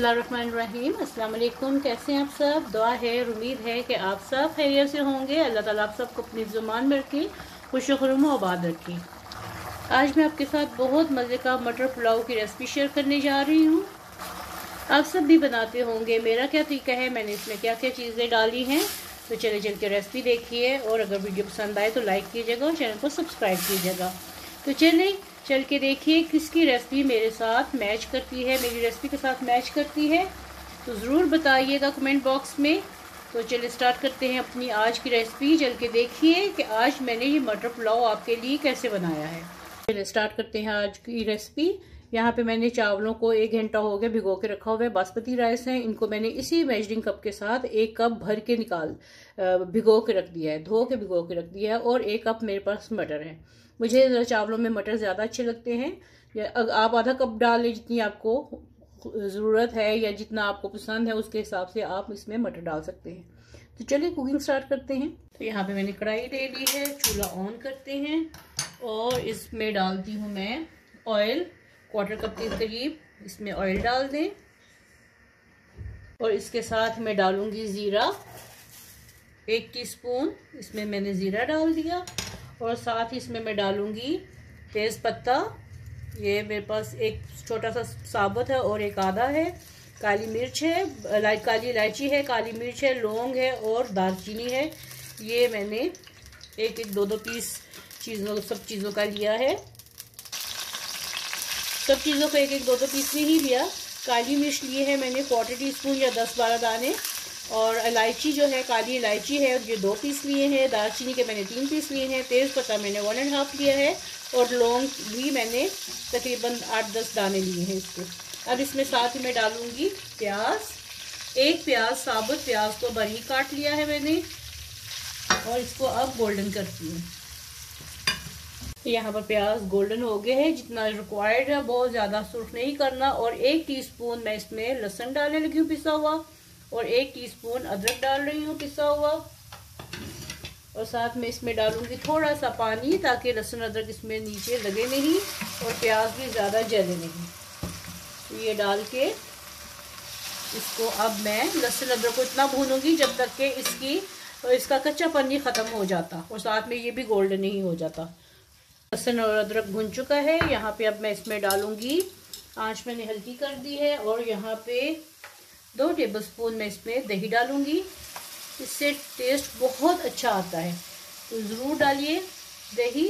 बसमीम अल्लाम कैसे हैं आप सब दुआ है और उम्मीद है कि आप सब खैरियत से होंगे अल्लाह ताला आप सबको अपनी ज़ुबान में रखें खुश खरुम आबाद रखें आज मैं आपके साथ बहुत मज़े का मटर पुलाव की रेसिपी शेयर करने जा रही हूँ आप सब भी बनाते होंगे मेरा क्या तरीका है मैंने इसमें क्या क्या चीज़ें डाली हैं तो चले चल के रेसिपी देखिए और अगर वीडियो पसंद आए तो लाइक कीजिएगा और चैनल को सब्सक्राइब कीजिएगा तो चलिए चल के देखिए किसकी रेसिपी मेरे साथ मैच करती है मेरी रेसिपी के साथ मैच करती है तो ज़रूर बताइएगा कमेंट बॉक्स में तो चलिए स्टार्ट करते हैं अपनी आज की रेसिपी चल के देखिए कि आज मैंने ये मटर पुलाव आपके लिए कैसे बनाया है चलिए स्टार्ट करते हैं आज की रेसिपी यहाँ पे मैंने चावलों को एक घंटा हो गया भिगो के रखा हुआ है बासमती राइस है इनको मैंने इसी मेजरिंग कप के साथ एक कप भर के निकाल भिगो के रख दिया है धो के भिगो के रख दिया है और एक कप मेरे पास मटर है मुझे चावलों में मटर ज़्यादा अच्छे लगते हैं आप आधा कप डाल लें जितनी आपको ज़रूरत है या जितना आपको पसंद है उसके हिसाब से आप इसमें मटर डाल सकते हैं तो चलिए कुकिंग स्टार्ट करते हैं तो यहाँ पे मैंने कढ़ाई ले ली है चूल्हा ऑन करते हैं और इसमें डालती हूँ मैं ऑयल क्वार्टर कप के करीब इसमें ऑयल डाल दें और इसके साथ मैं डालूँगी ज़ीरा एक टीस्पून इसमें मैंने ज़ीरा डाल दिया और साथ ही इसमें मैं डालूँगी तेज़ पत्ता ये मेरे पास एक छोटा सा साबुत है और एक आधा है काली मिर्च है लाइ काली इलायची है काली मिर्च है लौंग है और दालचीनी है ये मैंने एक एक दो दो पीस चीज़ों सब चीज़ों का लिया है सब चीज़ों को एक एक दो दो पीस में ही लिया काली मिर्च लिए है मैंने क्वार्टर टी स्पून या दस बारह दाने और इलायची जो है काली इलायची है ये दो पीस लिए हैं दालचीनी के मैंने तीन पीस लिए हैं तेज़ पत्ता मैंने वन एंड हाफ लिया है और लौंग भी मैंने तकरीबन आठ दस दाने लिए हैं इसके अब इसमें साथ ही मैं डालूँगी प्याज एक प्याज साबुत प्याज को बरी काट लिया है मैंने और इसको अब गोल्डन करती हूँ यहाँ पर प्याज गोल्डन हो गए हैं जितना रिक्वायर्ड है बहुत ज़्यादा सुर्ख नहीं करना और एक टीस्पून मैं इसमें लहसुन डालने लगी हूँ पिसा हुआ और एक टीस्पून अदरक डाल रही हूँ पिसा हुआ और साथ में इसमें डालूंगी थोड़ा सा पानी ताकि लहसुन अदरक इसमें नीचे लगे नहीं और प्याज भी ज़्यादा जले नहीं तो ये डाल के इसको अब मैं लहसुन अदरक को इतना भूनूंगी जब तक कि इसकी इसका कच्चा पन्नी ख़त्म हो जाता और साथ में ये भी गोल्डन नहीं हो जाता लहसुन और अदरक भुन चुका है यहाँ पे अब मैं इसमें डालूंगी आंच मैंने हल्की कर दी है और यहाँ पे दो टेबलस्पून मैं इसमें दही डालूँगी इससे टेस्ट बहुत अच्छा आता है तो ज़रूर डालिए दही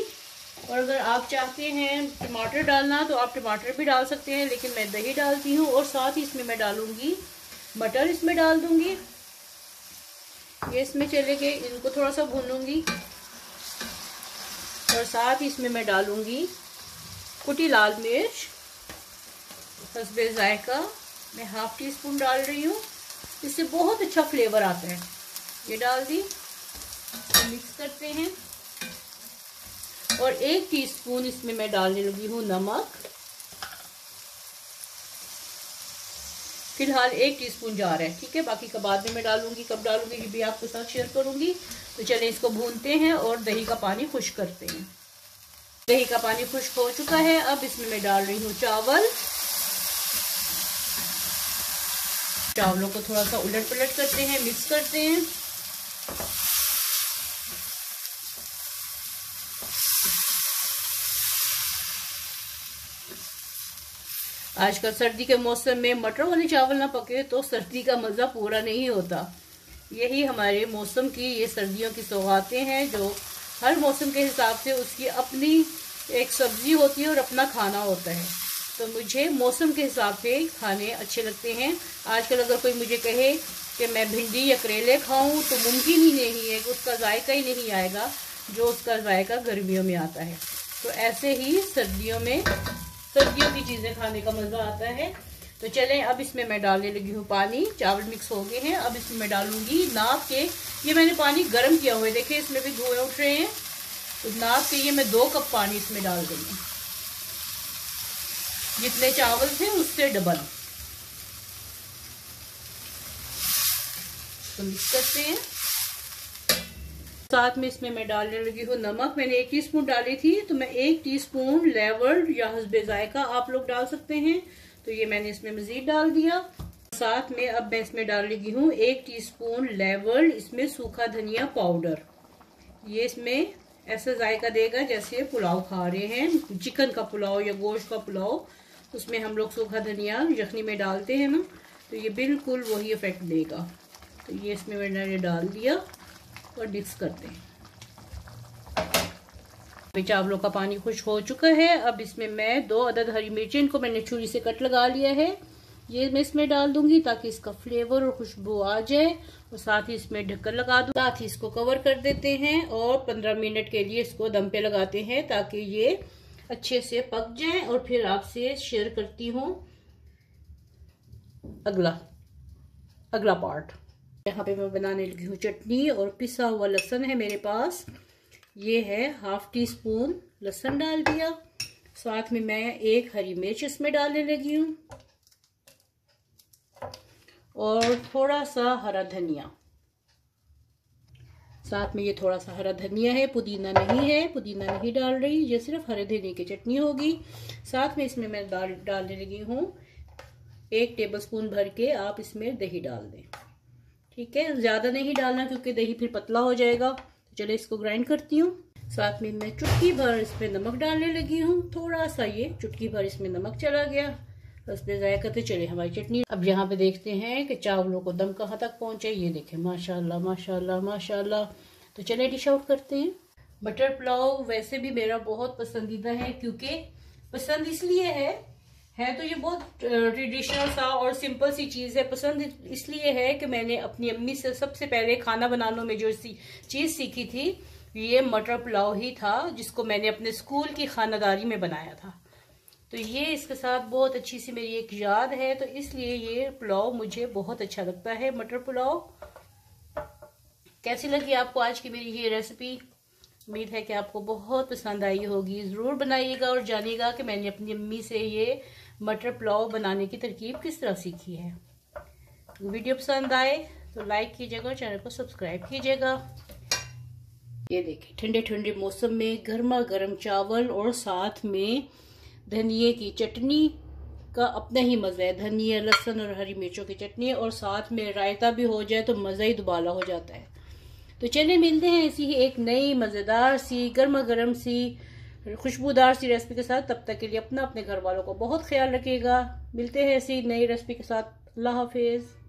और अगर आप चाहते हैं टमाटर डालना तो आप टमाटर भी डाल सकते हैं लेकिन मैं दही डालती हूँ और साथ ही इसमें मैं डालूँगी मटर इसमें डाल दूँगी ये इसमें चले गए इनको थोड़ा सा भूनूँगी और साथ ही इसमें मैं डालूँगी कुटी लाल मिर्च हसबे जायका मैं हाफ टी स्पून डाल रही हूँ इससे बहुत अच्छा फ्लेवर आता है ये डाल दी तो मिक्स करते हैं और एक टीस्पून इसमें मैं डालने लगी हूँ नमक फिलहाल एक टीस्पून जा रहा है ठीक है बाकी कबाद में मैं डालूंगी कब डालूंगी ये भी आपके साथ शेयर करूंगी तो चलें इसको भूनते हैं और दही का पानी खुश्क करते हैं दही का पानी खुश्क हो चुका है अब इसमें मैं डाल रही हूँ चावल चावलों को थोड़ा सा उलट पलट करते हैं मिक्स करते हैं आजकल सर्दी के मौसम में मटर वाले चावल ना पके तो सर्दी का मज़ा पूरा नहीं होता यही हमारे मौसम की ये सर्दियों की सौगातें हैं जो हर मौसम के हिसाब से उसकी अपनी एक सब्जी होती है और अपना खाना होता है तो मुझे मौसम के हिसाब से खाने अच्छे लगते हैं आजकल अगर कोई मुझे कहे कि मैं भिंडी या करेले खाऊं तो मुमकिन ही नहीं है कि उसका जायका ही नहीं आएगा जो उसका जायका गर्मियों में आता है तो ऐसे ही सर्दियों में सर्दियों की चीज़ें खाने का मज़ा आता है तो चलें अब इसमें मैं डालने लगी हूँ पानी चावल मिक्स हो गए हैं अब इसमें मैं डालूंगी नाप के ये मैंने पानी गर्म किया हुआ है देखिए इसमें भी धोए उठ रहे हैं तो नाप के ये मैं दो कप पानी इसमें डाल दूँगी जितने चावल थे उससे डबल तो मिक्स करते हैं साथ में इसमें मैं डालने लगी हूँ नमक मैंने एक टीस्पून डाली थी तो मैं एक टीस्पून लेवर्ड या हसबे जायका आप लोग डाल सकते हैं तो ये मैंने इसमें मज़ीद डाल दिया साथ में अब मैं इसमें डाल लगी हूँ एक टीस्पून लेवर्ड इसमें सूखा धनिया पाउडर ये इसमें ऐसा जायका देगा जैसे पुलाव खा रहे हैं चिकन का पुलाव या गोश्त का पुलाव उसमें हम लोग सूखा धनिया यखनी में डालते हैं ना तो ये बिल्कुल वही इफ़ेक्ट देगा तो ये इसमें मैंने डाल दिया और मिक्स करते हैं चावलों का पानी खुश हो चुका है अब इसमें मैं दो अदद हरी मिर्चें इनको मैंने छुरी से कट लगा लिया है ये मैं इसमें डाल दूंगी ताकि इसका फ्लेवर और खुशबू आ जाए और साथ ही इसमें ढक्कन लगा दूँ साथ ही इसको कवर कर देते हैं और पंद्रह मिनट के लिए इसको दम पे लगाते हैं ताकि ये अच्छे से पक जाए और फिर आपसे शेयर करती हूँ अगला अगला पार्ट यहाँ पे मैं बनाने लगी हूँ चटनी और पिसा हुआ लहसन है मेरे पास ये है हाफ टी स्पून लहसन डाल दिया साथ में मैं एक हरी मिर्च इसमें डालने लगी हूँ और थोड़ा सा हरा धनिया साथ में ये थोड़ा सा हरा धनिया है पुदीना नहीं है पुदीना नहीं डाल रही ये सिर्फ हरे धनिया की चटनी होगी साथ में इसमें मैं डाल डालने लगी हूँ एक टेबलस्पून भर के आप इसमें दही डाल दें ठीक है ज़्यादा नहीं डालना क्योंकि दही फिर पतला हो जाएगा तो चले इसको ग्राइंड करती हूँ साथ में मैं चुटकी भर इसमें नमक डालने लगी हूँ थोड़ा सा ये चुटकी भर इसमें नमक चला गया उसने ज़ाय करते चले हमारी चटनी अब यहाँ पे देखते हैं कि चावलों को दम कहाँ तक पहुँचे ये देखें माशाल्लाह माशाल्लाह माशाल्लाह तो चले डिश आउट करते हैं बटर पुलाव वैसे भी मेरा बहुत पसंदीदा है क्योंकि पसंद इसलिए है है तो ये बहुत ट्रेडिशनल सा और सिंपल सी चीज़ है पसंद इसलिए है कि मैंने अपनी अम्मी से सबसे पहले खाना बनाने में जो सी चीज़ सीखी थी ये मटर पुलाव ही था जिसको मैंने अपने स्कूल की खानादारी में बनाया था तो ये इसके साथ बहुत अच्छी सी मेरी एक याद है तो इसलिए ये पुलाव मुझे बहुत अच्छा लगता है मटर पुलाव कैसी लगी आपको आज की मेरी ये रेसिपी उम्मीद है कि आपको बहुत पसंद आई होगी ज़रूर बनाइएगा और जानिएगा कि मैंने अपनी अम्मी से ये मटर पुलाव बनाने की तरकीब किस तरह सीखी है वीडियो पसंद आए तो लाइक कीजिएगा और चैनल को सब्सक्राइब कीजिएगा ये देखिए ठंडे ठंडे मौसम में गर्मा गर्म चावल और साथ में धनिए की चटनी का अपना ही मज़ा है धनिया लहसुन और हरी मिर्चों की चटनी और साथ में रायता भी हो जाए तो मज़ा ही दुबाला हो जाता है तो चलिए मिलते हैं ऐसी ही एक नई मज़ेदार सी गर्मा गर्म सी खुशबूदार सी रेसिपी के साथ तब तक के लिए अपना अपने घर वालों को बहुत ख्याल रखिएगा मिलते हैं ऐसी नई रेसिपी के साथ अल्लाह हाफिज़